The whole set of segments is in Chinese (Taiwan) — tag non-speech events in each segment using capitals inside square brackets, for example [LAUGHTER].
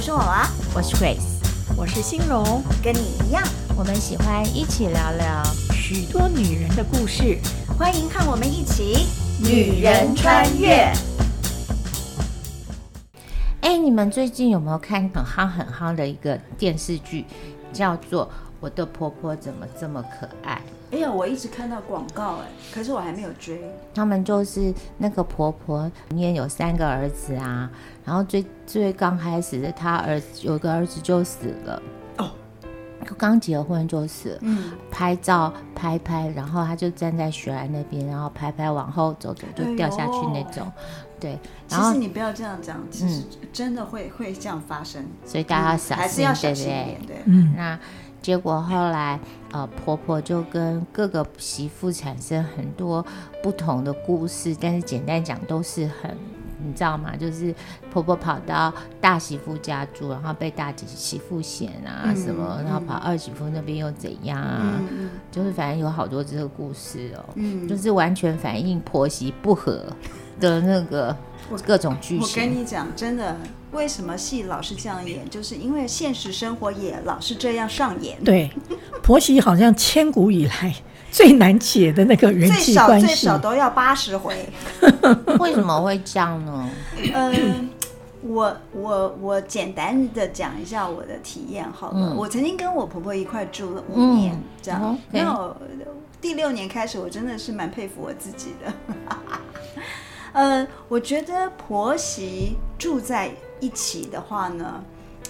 我是我啊，我是 Grace，我是欣榮，跟你一樣，我們喜歡一起聊聊許多女人的故事，歡迎看我們一起《女人穿越》。哎，你們最近有沒有看很夯很夯的一個電視劇，叫做《我的婆婆怎麼這麼可愛》？哎呀，欸、我一直看到廣告哎、欸，可是我還沒有追。他們就是那個婆婆，裡面有三個兒子啊，然後最最剛開始的她，他兒子有個兒子就死了哦，剛結婚就死了。嗯，拍照拍拍，然後他就站在雪蘭那邊，然後拍拍往後走走就掉下去那種。哎、呦對，然後其實你不要這樣講，其實真的會、嗯、會這樣發生，所以大家要小心，對不對？對，嗯，那。結果後來，呃，婆婆就跟各個媳婦產生很多不同的故事，但是簡單講都是很，你知道嗎？就是婆婆跑到大媳婦家住，然後被大媳婦嫌啊什麼，嗯、然後跑二媳婦那邊又怎樣啊？嗯、就是反正有好多這個故事哦，就是完全反映婆媳不和。的那個各種劇情，我跟你講，真的，為什麼戲老是這樣演，就是因為現實生活也老是這樣上演。對，婆媳好像千古以來最難解的那個人際關係，最少最少都要八十回， [LAUGHS] 為什麼會這樣呢？嗯、呃，我我我簡單的講一下我的體驗，好了，嗯、我曾經跟我婆婆一塊住了五年，嗯、這樣，然後 okay 第六年開始，我真的是蠻佩服我自己的。呃，我覺得婆媳住在一起的話呢，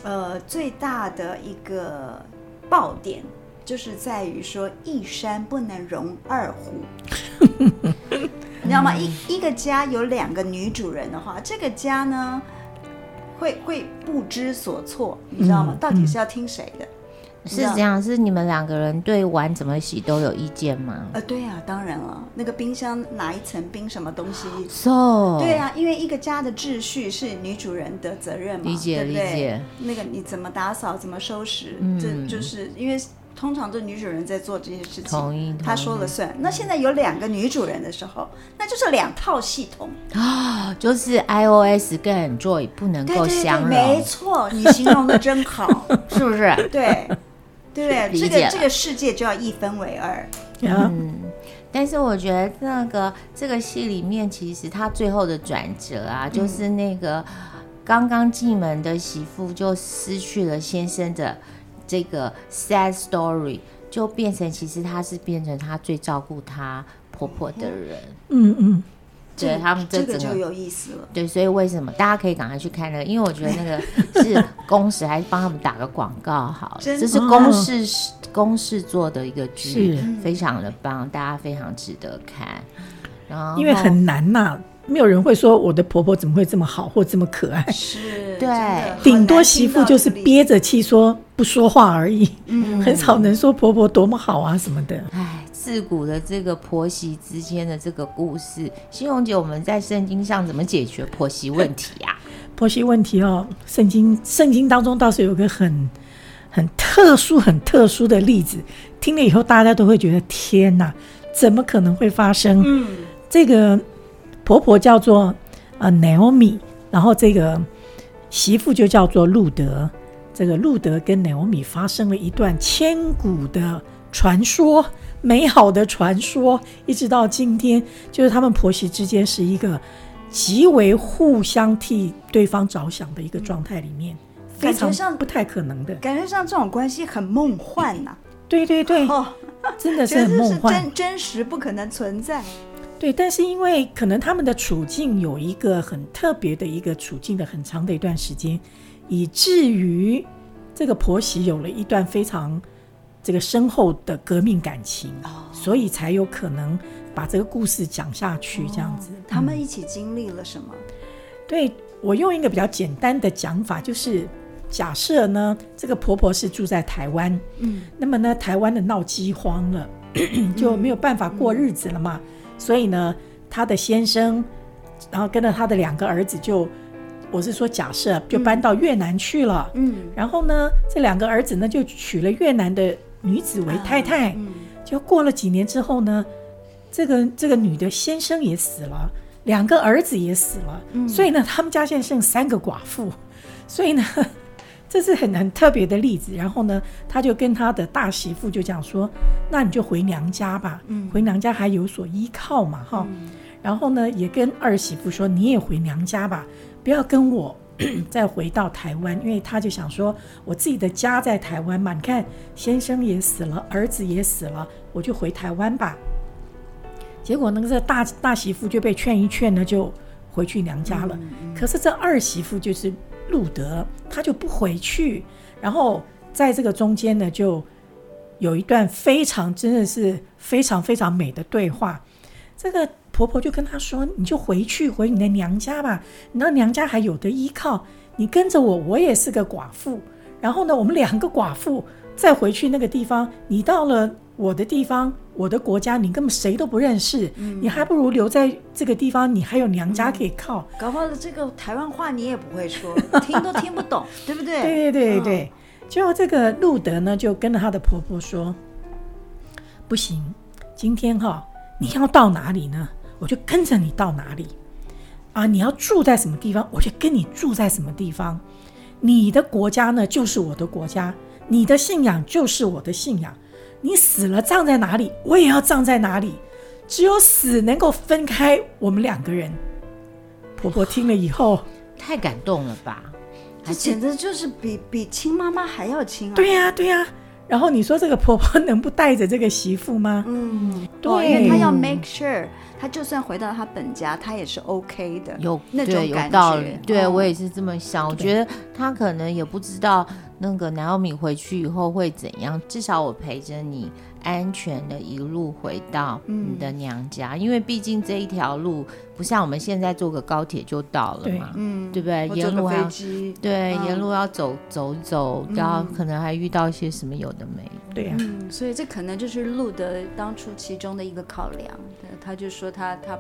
呃，最大的一個爆點就是在於說一山不能容二虎， [LAUGHS] 你知道嗎？ [LAUGHS] 一一個家有兩個女主人的話，這個家呢會會不知所措，你知道嗎？ [LAUGHS] 到底是要聽誰的？ [LAUGHS] 是這樣，是你們兩個人對碗怎麼洗都有意見嗎？呃，對呀，當然了，那個冰箱哪一層冰，什麼東西，so 對呀，因為一個家的秩序是女主人的責任嘛，理解理解。那個你怎麼打掃，怎麼收拾，就就是因為通常都女主人在做這些事情，同意，她說了算。那現在有兩個女主人的時候，那就是兩套系統就是 iOS 跟 Android 不能夠相容，沒錯，你形容的真好，是不是？對。對、啊，這個這個世界就要一分為二。Yeah. 嗯，但是我覺得那個這個戲裡面，其實他最後的轉折啊，嗯、就是那個剛剛進門的媳婦就失去了先生的這個 sad story，就變成其實他是變成他最照顧他婆婆的人。嗯嗯。嗯對，他們這整個，這個就有意思了。對，所以為什麼大家可以趕快去看那個？因為我覺得那個是公司還是幫他們打個廣告，好，這是公司公司做的一個劇，是，非常的棒，大家非常值得看。然後，因為很難吶，沒有人會說我的婆婆怎麼會這麼好，或這麼可愛。是，對，頂多媳婦就是憋着氣說不說話而已，嗯，很少能說婆婆多麼好啊什麼的。哎。自古的這個婆媳之間的這個故事，新紅姐，我們在聖經上怎麼解決婆媳問題啊？婆媳問題哦，聖經聖經當中倒是有一個很很特殊、很特殊的例子，聽了以後大家都會覺得天哪、啊，怎麼可能會發生？嗯、這個婆婆叫做呃拿俄米，然後這個媳婦就叫做路得。這個路得跟拿俄米發生了一段千古的傳說。美好的傳說，一直到今天，就是他們婆媳之間是一個極為互相替對方着想的一個狀態裡面，感覺上不太可能的，感覺上這種關係很夢幻吶、啊。對對對，哦，真的是夢幻，是真真實不可能存在。對，但是因為可能他們的處境有一個很特別的一個處境的很長的一段時間，以至於這個婆媳有了一段非常。這個深厚的革命感情，哦、所以才有可能把這個故事講下去。哦、這樣子，他們一起經歷了什麼？嗯、對，我用一個比較簡單的講法，就是假設呢，這個婆婆是住在台灣，嗯，那麼呢，台灣的鬧饑荒了，嗯、 [COUGHS] 就沒有辦法過日子了嘛。嗯、所以呢，她的先生，然後跟着他的兩個兒子就，就我是說假設，就搬到越南去了，嗯，嗯然後呢，這兩個兒子呢，就娶了越南的，女子為太太，啊嗯、就過了幾年之後呢，這個這個女的先生也死了，兩個兒子也死了，嗯、所以呢，他們家現在剩三個寡婦，所以呢，這是很很特別的例子。然後呢，他就跟他的大媳婦就講說，那你就回娘家吧，回娘家還有所依靠嘛哈。嗯、然後呢，也跟二媳婦說，你也回娘家吧，不要跟我。 [COUGHS] 再回到台灣，因為他就想說，我自己的家在台灣嘛。你看，先生也死了，兒子也死了，我就回台灣吧。結果那個大大媳婦就被勸一勸呢，就回去娘家了。可是這二媳婦就是路得，她就不回去。然後在這個中間呢，就有一段非常真的是非常非常美的對話。這個。婆婆就跟他說：“你就回去回你的娘家吧，你到娘家還有的依靠。你跟着我，我也是個寡婦。然後呢，我們兩個寡婦再回去那個地方。你到了我的地方，我的國家，你根本誰都不認識。你還不如留在這個地方，你還有娘家可以靠。嗯、搞不好這個台灣話你也不會說，聽都聽不懂， [LAUGHS] 對不對？”對對對對，oh. 就這個路得呢，就跟他的婆婆說：“不行，今天哈，你要到哪裡呢？”我就跟着你到哪裡，啊，你要住在什麼地方，我就跟你住在什麼地方。你的國家呢，就是我的國家；你的信仰就是我的信仰。你死了葬在哪裡，我也要葬在哪裡。只有死能夠分開我們兩個人。哎呦，婆婆聽了以後，太感動了吧？而且，這簡直就是比比親媽媽還要親啊，啊！對呀、啊，對呀。然後你說這個婆婆能不帶着這個媳婦嗎？嗯，對，哦、因為她要 make sure，她就算回到她本家，她也是 OK 的。有那種感覺，對，有道理。對、哦、我也是這麼想。我覺得她可能也不知道。那個拿俄米回去以後會怎樣？至少我陪着你，安全的一路回到你的娘家，嗯、因為畢竟這一條路不像我們現在坐個高鐵就到了嘛，嗯對，對不對？嗯、沿路要，坐飛機。對，嗯、沿路要走走走，嗯、然後可能還遇到一些什麼有的沒有。對呀、啊嗯。所以這可能就是路得當初其中的一個考量。他他就說他他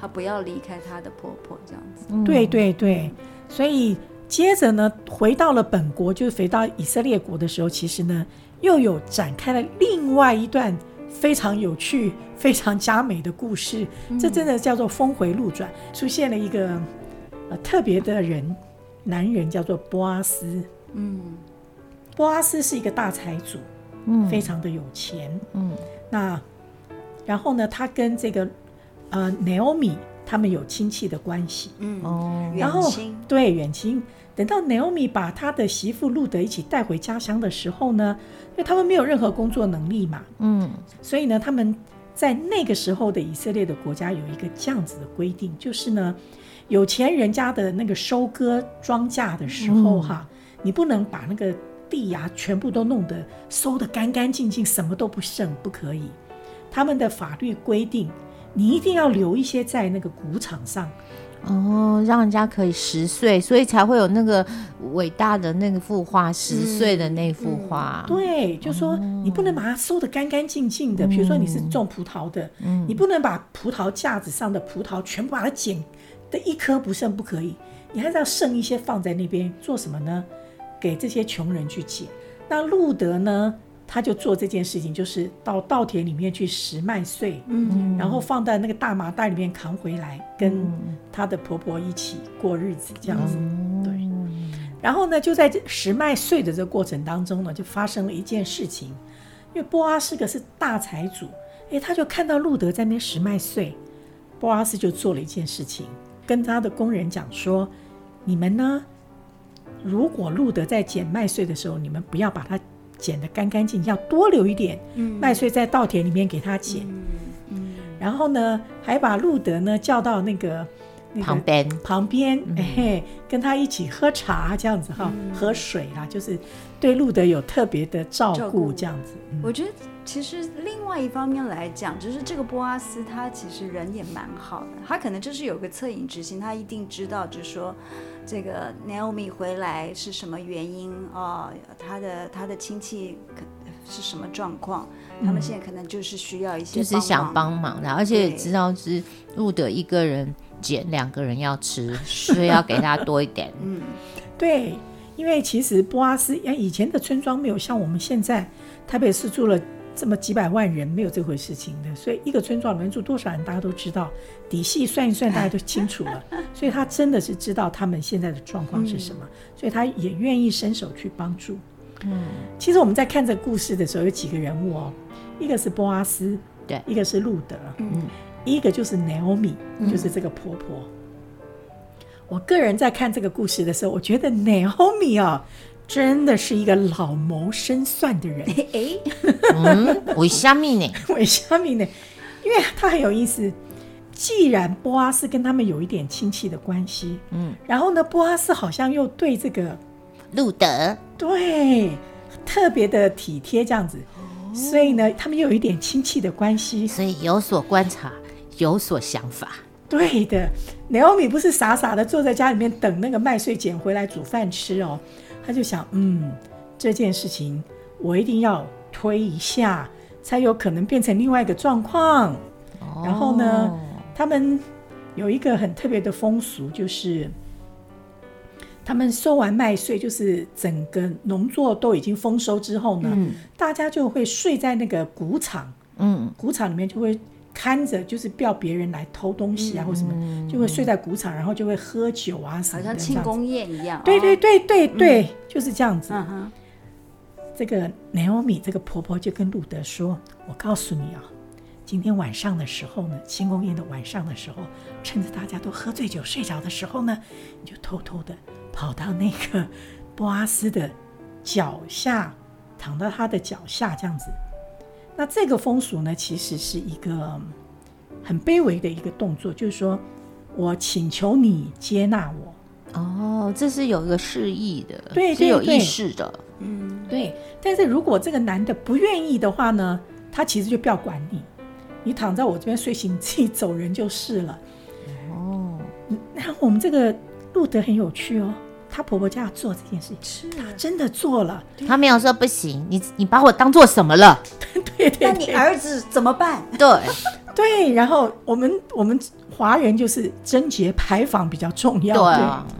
他不要離開他的婆婆這樣子。嗯、對對對，所以。接着呢，回到了本國，就是回到以色列國的時候，其實呢，又有展開了另外一段非常有趣、非常佳美的故事。這真的叫做峰回路轉，嗯、出現了一個、呃、特別的人，男人叫做波阿斯。嗯，波阿斯是一個大財主，嗯、非常的有錢。嗯，那然後呢，他跟這個呃，Naomi。他們有親戚的關係，嗯哦，然後遠親，對，遠親。等到 Naomi 把他的媳婦路得一起帶回家鄉的時候呢，因為他們沒有任何工作能力嘛，嗯，所以呢，他們在那個時候的以色列的國家有一個這樣子的規定，就是呢，有錢人家的那個收割莊稼的時候哈、啊，嗯、你不能把那個地呀全部都弄得收得乾乾淨淨，什麼都不剩，不可以。他們的法律規定。你一定要留一些在那個穀場上，哦、嗯，嗯、讓人家可以拾穗。所以才會有那個偉大的那個幅畫，嗯、拾穗的那幅畫、嗯。對，嗯、就說你不能把它收得乾乾淨淨的。嗯、比如說你是種葡萄的，嗯、你不能把葡萄架子上的葡萄全部把它撿的一顆不剩，不可以。你還是要剩一些放在那邊做什麼呢？給這些窮人去撿。那路得呢？他就做這件事情，就是到稻田裡面去拾麥穗，嗯嗯、然後放在那個大麻袋裡面扛回來，跟他的婆婆一起過日子，這樣子，對。然後呢，就在拾麥穗的這個過程當中呢，就發生了一件事情，因為波阿斯可是大財主，哎，他就看到路得在那拾麥穗，波阿斯就做了一件事情，跟他的工人講說，你們呢，如果路得在撿麥穗的時候，你們不要把他。剪得乾乾淨，要多留一點麥、嗯、穗在稻田裡面給他剪。嗯嗯、然後呢，還把路德呢叫到那個旁邊、那個、旁邊、嗯，跟他一起喝茶這樣子哈，嗯、喝水啊，就是對路德有特別的照顧，照顧這樣子。嗯、我覺得其實另外一方面來講，就是這個波阿斯他其實人也蠻好的，他可能就是有個惻隱之心，他一定知道就是說。這個 Naomi 回來是什麼原因啊？哦？他的他的親戚可是什麼狀況？嗯、他們現在可能就是需要一些，就是想幫忙的，而且也知道是路得一個人撿兩個人要吃，對所以要給他多一點。 [LAUGHS] 嗯，對，因為其實波阿斯，哎，以前的村莊沒有像我們現在，特別是住了。這麼幾百萬人沒有這回事情的，所以一個村莊裡面住多少人，大家都知道，底細算一算，大家都清楚了。所以他真的是知道他們現在的狀況是什麼，嗯、所以他也願意伸手去幫助。嗯，其實我們在看這個故事的時候，有幾個人物哦、喔，一個是波阿斯，對，一個是路德，嗯，一個就是 Naomi，就是這個婆婆。嗯、我個人在看這個故事的時候，我覺得 Naomi 哦、喔。真的是一個老謀深算的人。哎、 [LAUGHS] 欸欸，為什麼呢？為什麼呢？因為他很有意思。既然波阿斯跟他們有一點親戚的關係，嗯，然後呢，波阿斯好像又對這個路得對特別的體貼，這樣子，哦、所以呢，他們又有一點親戚的關係。所以有所觀察，有所想法。對的，拿俄米不是傻傻的坐在家裡面等那個麥穗撿回來煮飯吃哦。他就想，嗯，這件事情我一定要推一下，才有可能變成另外一個狀況。哦、然後呢，他們有一個很特別的風俗，就是他們收完麥穗，就是整個農作都已經豐收之後呢，嗯、大家就會睡在那個穀場，嗯，穀場裡面就會。看着就是不要別人來偷東西啊，嗯、或什麼，嗯嗯、就會睡在穀場，然後就會喝酒啊，什麼的，好像慶功宴一樣。這樣子。哦、對對對對對，嗯、就是這樣子。嗯、這個 Naomi 這個婆婆就跟路得說：“我告訴你啊，今天晚上的時候呢，慶功宴的晚上的時候，趁着大家都喝醉酒睡着的時候呢，你就偷偷的跑到那個波阿斯的腳下，躺到他的腳下，這樣子。”那這個風俗呢，其實是一個很卑微的一個動作，就是說我請求你接納我。哦，這是有一個示意的，對，對，對，是有意識的。嗯，對。但是如果這個男的不願意的話呢，他其實就不要管你，你躺在我這邊睡醒，你自己走人就是了。哦，那我們這個路得很有趣哦。她婆婆家要做這件事情，啊是，真的做了。她沒有說不行，你你把我當做什麼了？ [LAUGHS] 對，對，對，那你兒子怎麼辦？對 [LAUGHS] 對。然後我們我們華人就是貞潔牌坊比較重要。對，哦、對。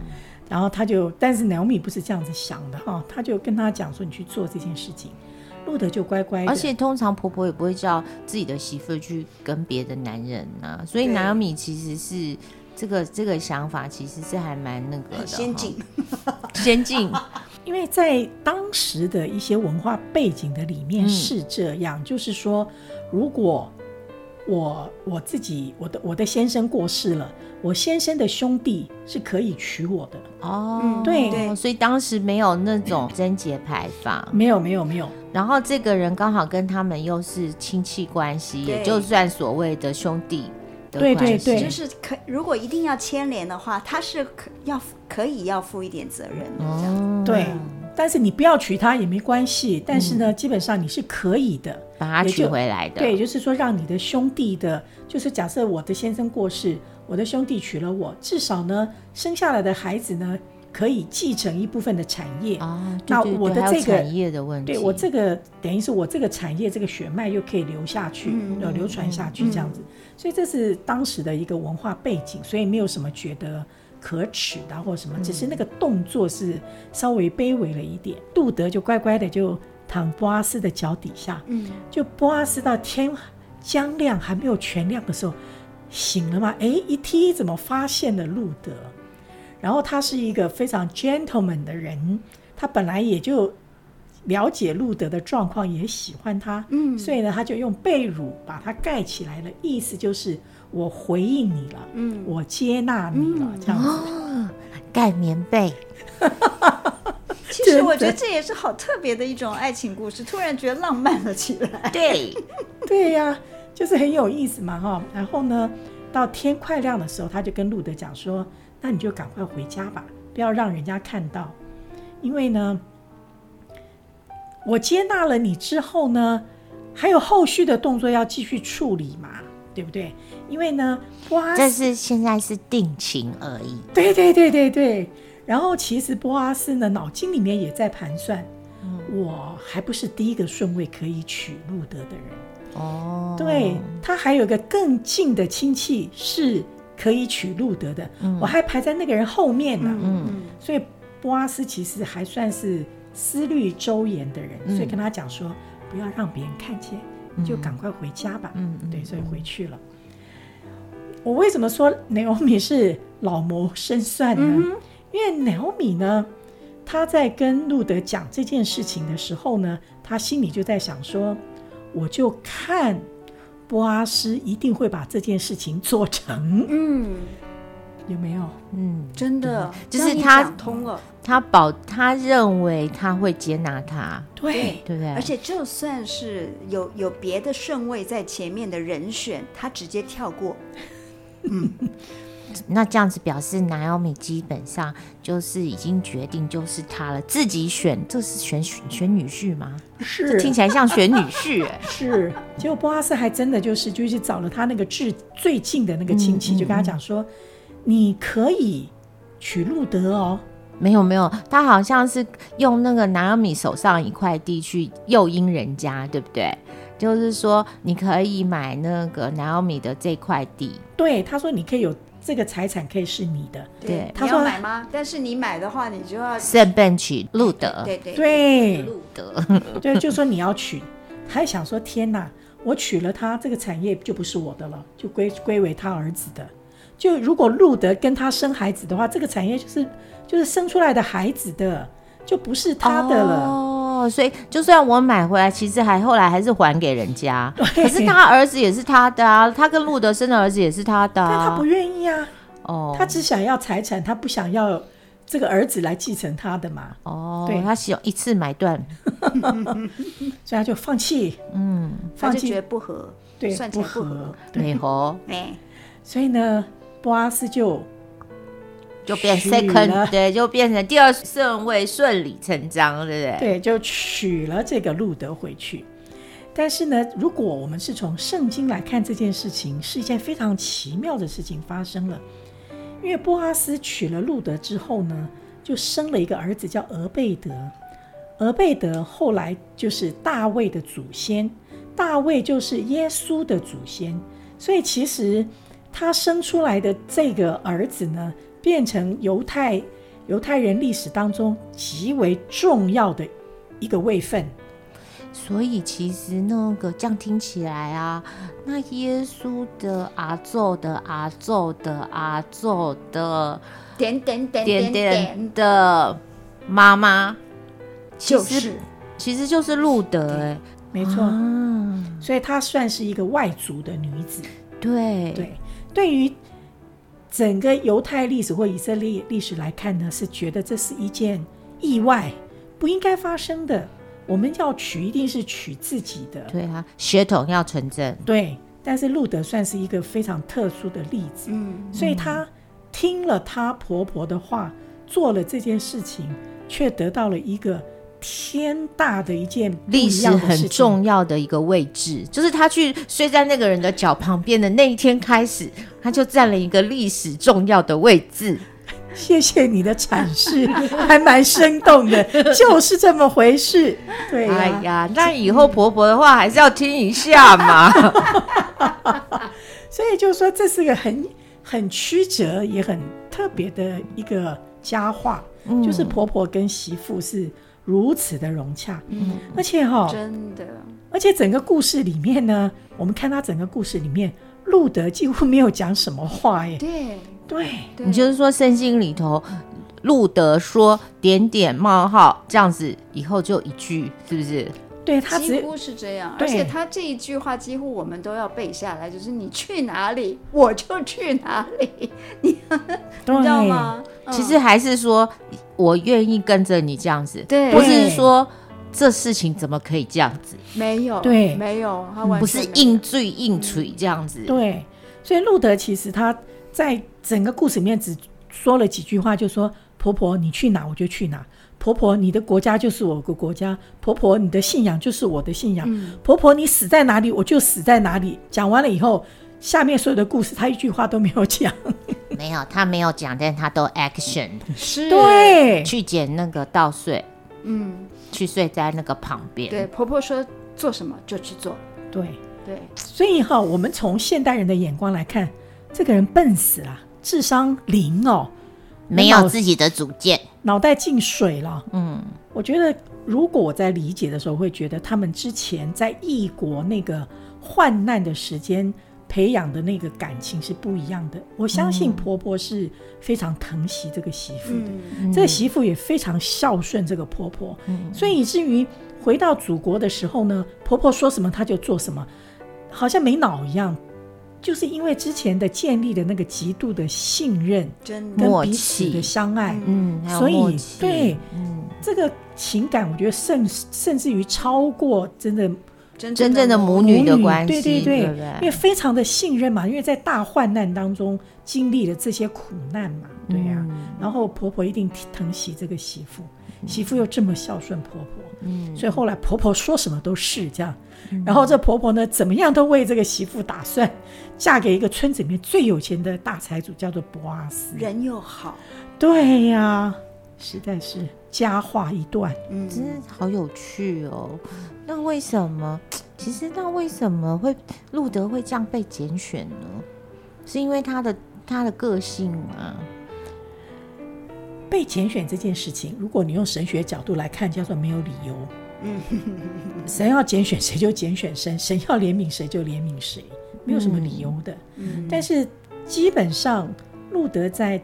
然後他就，但是 Naomi 不是這樣子想的啊，他、哦、就跟他講說：“你去做這件事情。”路德就乖乖。而且通常婆婆也不會叫自己的媳婦去跟別的男人、啊、所以 Naomi 其實是。這個這個想法其實是還蠻那個的，先進， [LAUGHS] 先進，因為在當時的一些文化背景的裡面是這樣，嗯、就是說，如果我我自己我的我的先生過世了，我先生的兄弟是可以娶我的哦，對，對，所以當時沒有那種貞節牌坊，沒有沒有沒有，然後這個人剛好跟他們又是親戚關係，對也就算所謂的兄弟。對對對，就是可如果一定要牽連的話，他是可要可以要負一點責任的這樣。哦、嗯，對，但是你不要娶她也沒關係。但是呢，嗯、基本上你是可以的，把她娶回來的。對，就是說讓你的兄弟的，就是假設我的先生過世，我的兄弟娶了我，至少呢，生下來的孩子呢。可以繼承一部分的產業啊，對對對，那我的這個產業的問題，對，我這個等於是我這個產業這個血脈又可以流下去，嗯，呃、流傳下去、嗯、這樣子，所以這是當時的一個文化背景，嗯、所以沒有什麼覺得可恥的或什麼，嗯、只是那個動作是稍微卑微了一點。路得就乖乖的就躺波阿斯的腳底下，嗯，就波阿斯到天將亮還沒有全亮的時候，醒了嗎？哎，一踢一怎麼發現了路得？然後他是一個非常 gentleman 的人，他本來也就了解路得的狀況，也喜歡他，嗯，所以呢，他就用被褥把他蓋起來了，意思就是我回應你了，嗯，我接納你了，嗯、這樣子、哦，蓋棉被， [LAUGHS] [LAUGHS] 其實我覺得這也是好特別的一種愛情故事，突然覺得浪漫了起來， [LAUGHS] 對，對呀、啊，就是很有意思嘛、哦，哈。然後呢，到天快亮的時候，他就跟路得講說。那你就趕快回家吧，不要讓人家看到，因為呢，我接納了你之後呢，還有後續的動作要繼續處理嘛，對不對？因為呢，波阿斯這是現在是定情而已。對對對對對。然後其實波阿斯呢，腦筋裡面也在盤算，嗯、我還不是第一個順位可以娶路得的人。哦，對他還有一個更近的親戚是。可以娶路德的，嗯、我還排在那個人後面呢、啊。嗯嗯嗯、所以波阿斯其實還算是思慮周延的人，嗯、所以跟他講說，不要讓別人看見，嗯、你就趕快回家吧。嗯，嗯嗯對，所以回去了。嗯嗯嗯、我為什麼說 Naomi 是老謀深算呢？嗯嗯、因為 Naomi 呢，他在跟路德講這件事情的時候呢，他心裡就在想說，我就看。波阿斯一定會把這件事情做成，嗯，有沒有？嗯，真的，就是他通了，嗯、他保，他認為他會接納他，對，對對，對吧？而且就算是有有別的順位在前面的人選，他直接跳過， [LAUGHS] 嗯。那這樣子表示，Naomi 基本上就是已經決定，就是他了，自己選，這，就是選選，選女婿嗎？是，聽起來像選女婿，欸。 [LAUGHS] 是，結果波阿斯還真的就是就是找了他那個至最近的那個親戚，嗯、就跟他講說，嗯、你可以娶路德哦。沒有沒有，他好像是用那個拿俄米手上一塊地去誘因人家，對不對？就是說，你可以買那個拿俄米的這塊地。對，他說你可以有。這個財產可以是你的，對。他說要買嗎，但是你買的話，你就要順便娶路德，對對對。路德，對，路德對，就說你要娶，他想說，天哪，我娶了他，這個產業就不是我的了，就歸歸為他兒子的。就如果路德跟他生孩子的話，這個產業就是就是生出來的孩子的，就不是他的了。哦哦，所以就算我買回來，其實還後來還是還給人家。可是他兒子也是他的啊，他跟路得生的兒子也是他的，但他不願意啊。哦，他只想要財產，他不想要這個兒子來繼承他的嘛。哦，對，他想一次買斷，所以他就放棄，嗯，放棄，他就覺得不合，對，不合，不合，哎，所以呢，波阿斯就。就變成了對，就變成第二順位，順理成章，對不對？對，就娶了這個路德回去。但是呢，如果我們是從聖經來看這件事情，是一件非常奇妙的事情發生了。因為波阿斯娶了路德之後呢，就生了一個兒子叫俄貝德。俄貝德後來就是大衛的祖先，大衛就是耶穌的祖先。所以其實他生出來的這個兒子呢，變成猶太猶太人歷史當中極為重要的一個位份，所以其實那個這樣聽起來啊，那耶穌的阿祖的阿祖的阿祖的，阿的點點點點，點，點，點的媽媽，其實就是其實就是路得。欸、沒錯，啊、所以她算是一個外族的女子，對對，對於。整個猶太歷史或以色列歷史來看呢，是覺得這是一件意外，不應該發生的。我們要娶，一定是娶自己的，對啊，血統要純正。對，但是路得算是一個非常特殊的例子，嗯，嗯，所以他聽了他婆婆的話，做了這件事情，卻得到了一個。天大的一件一，的歷史很重要的一個位置，就是他去睡在那個人的腳旁邊的那一天開始，他就占了一個歷史重要的位置。謝謝你的闡釋，還蠻生動的， [LAUGHS] 就是這麼回事。對、啊，哎呀，那以後婆婆的話還是要聽一下嘛。 [LAUGHS] 所以就說，這是個很很曲折也很特別的一個佳話，嗯、就是婆婆跟媳婦是，如此的融洽，嗯，而且哈、喔，真的，而且整個故事裡面呢，我們看他整個故事裡面，路得幾乎沒有講什麼話耶、欸，對對，對對，你就是說聖經裡頭，路得說點點冒號這樣子，以後就一句是不是？對他幾乎是這樣，對而且他這一句話幾乎我們都要背下來，就是你去哪裡我就去哪裡，你，呵呵對你知道嗎？對嗯、其實還是說。我願意跟着你這樣子，對，不是說這事情，怎麼可以這樣子？對沒有，對，沒有，他沒有不是硬嘴硬嘴這樣子、嗯。對，所以路得其實他在整個故事裡面只說了幾句話，就說：“婆婆，你去哪我就去哪；婆婆，你的國家就是我的國家；婆婆，你的信仰就是我的信仰；嗯、婆婆，你死在哪裡我就死在哪裡。”講完了以後。下面所有的故事，他一句話都沒有講。 [LAUGHS] 沒有，他沒有講，但是他都 action，是，對，去撿那個稻穗，嗯，去睡在那個旁邊。對，婆婆說做什麼就去做。對，對。所以哈，我們從現代人的眼光來看，這個人笨死了，智商零哦，沒有自己的主見，腦袋進水了。嗯，我覺得如果我在理解的時候，我會覺得他們之前在異國那個患難的時間。培養的那個感情是不一樣的。我相信婆婆是非常疼惜這個媳婦的，嗯、這個媳婦也非常孝順這個婆婆，嗯嗯、所以以至於回到祖國的時候呢，婆婆說什麼她就做什麼，好像沒腦一樣。就是因為之前的建立的那個極度的信任、真的默契、跟彼此的相愛，嗯，所以對，這個情感我覺得甚甚至於超過真的。真正，真正的母女的關係，對對對，對對，因為非常的信任嘛，因為在大患難當中經歷了這些苦難嘛，對呀、啊，嗯、然後婆婆一定疼惜這個媳婦，嗯、媳婦又這麼孝順婆婆，嗯，所以後來婆婆說什麼都是這樣，嗯、然後這婆婆呢怎麼樣都為這個媳婦打算，嫁給一個村子裡面最有錢的大財主，叫做波阿斯，人又好，對呀、啊。實在是佳話一段，嗯，真是好有趣哦、喔。那為什麼？其實那為什麼會路得會這樣被揀選呢？是因為他的他的個性啊。被揀選這件事情，如果你用神學角度來看，叫做沒有理由。嗯 [LAUGHS] 神神，神要揀選誰就揀選誰，神要憐憫誰就憐憫誰，沒有什麼理由的。嗯嗯、但是基本上路得在。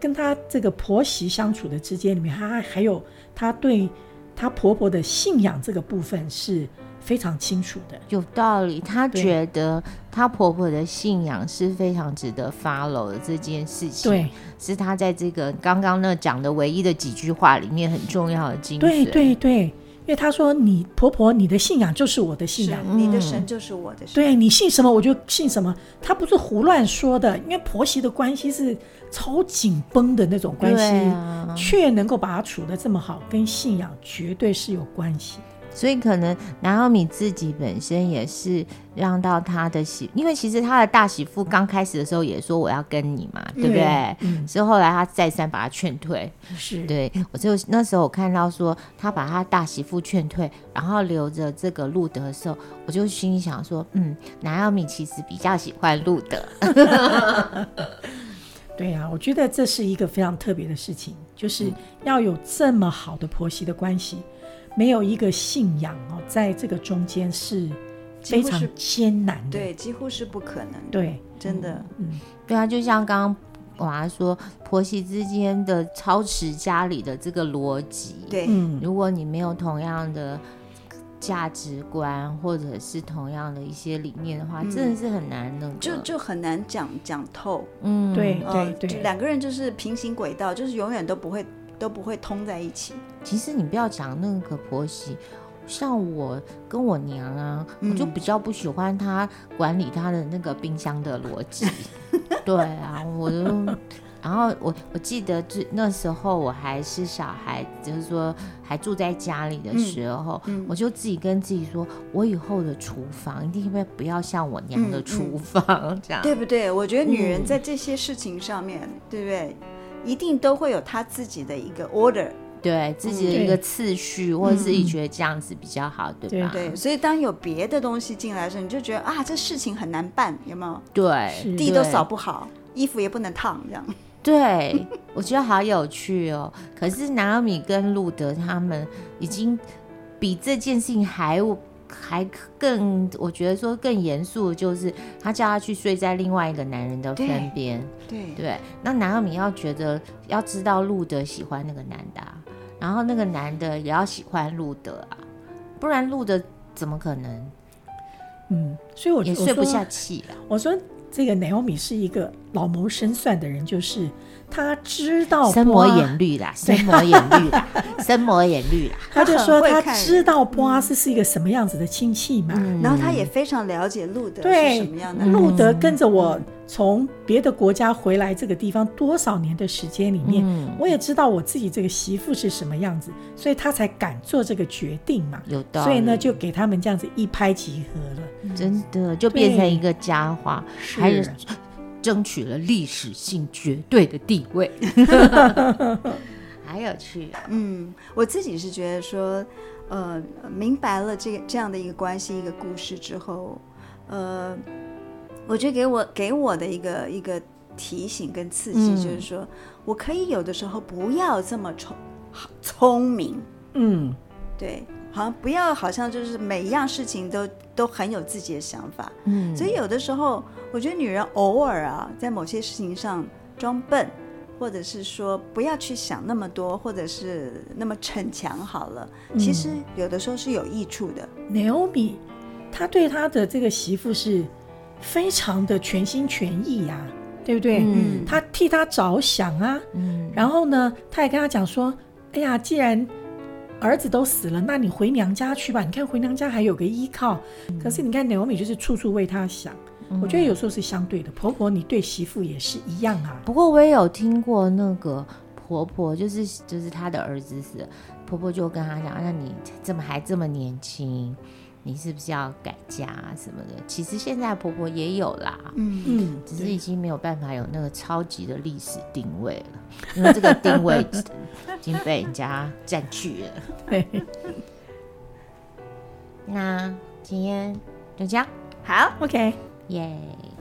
跟她這個婆媳相處的之間裡面，她還有她對她婆婆的信仰這個部分是非常清楚的。有道理，她覺得她婆婆的信仰是非常值得 follow 的這件事情。對，是她在這個剛剛那講的唯一的幾句話裡面很重要的精髓。對對對。因為她說：“你婆婆，你的信仰就是我的信仰，你的神就是我的神。嗯、對，你信什麼，我就信什麼。她不是胡亂說的，因為婆媳的關係是超緊繃的那種關係，啊、卻能夠把她處得這麼好，跟信仰絕對是有關係。”所以可能拿俄米自己本身也是讓到他的媳，因為其實他的大媳婦剛開始的時候也說我要跟你嘛，嗯、對不對？所以，嗯、後來他再三把他勸退。是，對我就那時候我看到說他把他大媳婦勸退，然後留着這個路得的時候，我就心裡想說，嗯，拿俄米其實比較喜歡路得。 [LAUGHS] [LAUGHS] 對呀，啊，我覺得這是一個非常特別的事情，就是要有這麼好的婆媳的關係。沒有一個信仰哦，在這個中間是非常艱難的，對，幾乎是不可能的，對，真的嗯，嗯，對啊，就像剛剛娃說，婆媳之間的操持家裡的這個邏輯，對，嗯，如果你沒有同樣的價值觀或者是同樣的一些理念的話，嗯，真的是很難弄，就就很難講講透，嗯，對對對，哦，兩個人就是平行軌道，就是永遠都不會都不會通在一起。其實你不要講那個婆媳，像我跟我娘啊，嗯、我就比較不喜歡她管理她的那個冰箱的邏輯。 [LAUGHS] 對啊，我然後我我記得這那時候我還是小孩，就是說還住在家裡的時候，嗯嗯、我就自己跟自己說，嗯、我以後的廚房一定會不要像我娘的廚房、嗯、這樣，對不對？我覺得女人在這些事情上面、嗯、對不對？一定都會有他自己的一個 order，對自己的一個次序，嗯、或者是你覺得這樣子比較好，嗯、對吧？對,對，所以當有別的東西進來的時候，你就覺得啊，這事情很難辦，有沒有？對，地都掃不好，對衣服也不能燙，這樣。對， [LAUGHS] 我覺得好有趣哦。可是拿俄米跟路德他們已經比這件事情還。還更，我覺得說更嚴肅的，就是他叫他去睡在另外一個男人的身邊，對對，那拿俄米你要覺得要知道路得喜歡那個男的啊，然後那個男的也要喜歡路得啊，不然路得怎麼可能？嗯，所以我覺得也睡不下去啊我。我說。這個 Naomi 是一個老謀深算的人，就是他知道深謀遠慮啦，對 [LAUGHS] 深謀遠慮啦， [LAUGHS] 深謀遠慮啦。他就說他知道波阿斯是一個什麼樣子的親戚嘛，然後他也非常了解路得是什麼樣的。路得跟着我。嗯嗯從別的國家回來這個地方多少年的時間裡面，嗯、我也知道我自己這個媳婦是什麼樣子，所以他才敢做這個決定嘛。有道理，所以呢，就給他們這樣子一拍即合了。嗯、真的，就變成一個佳話，對還有爭取了歷史性絕對的地位， [LAUGHS] 還有去嗯，我自己是覺得說，呃，明白了這這樣的一個關係一個故事之後，呃。我覺得給我給我的一個一個提醒跟刺激，就是說，嗯、我可以有的時候不要這麼聰聰明，嗯，對，好像不要好像就是每一樣事情都都很有自己的想法，嗯，所以有的時候，我覺得女人偶爾啊，在某些事情上裝笨，或者是說不要去想那麼多，或者是那麼逞強好了，嗯、其實有的時候是有益處的。拿俄米，他對他的這個媳婦是。非常的全心全意呀，啊，對不對？嗯嗯，他替他着想啊。嗯，然後呢，他也跟他講說：“哎呀，既然兒子都死了，那你回娘家去吧。你看回娘家還有個依靠。嗯，可是你看，拿俄米就是處處為他想。嗯，我覺得有時候是相對的，婆婆你對媳婦也是一樣啊。不過我也有聽過那個婆婆，就是就是她的兒子死，婆婆就跟她講，啊，那你怎麼還這麼年輕？你是不是要改嫁什麼的？其實現在婆婆也有啦，嗯嗯，只是已經沒有辦法有那個超級的歷史定位了，因為這個定位 [LAUGHS] 已經被人家佔據了。對那今天就這樣，好，OK，耶、yeah。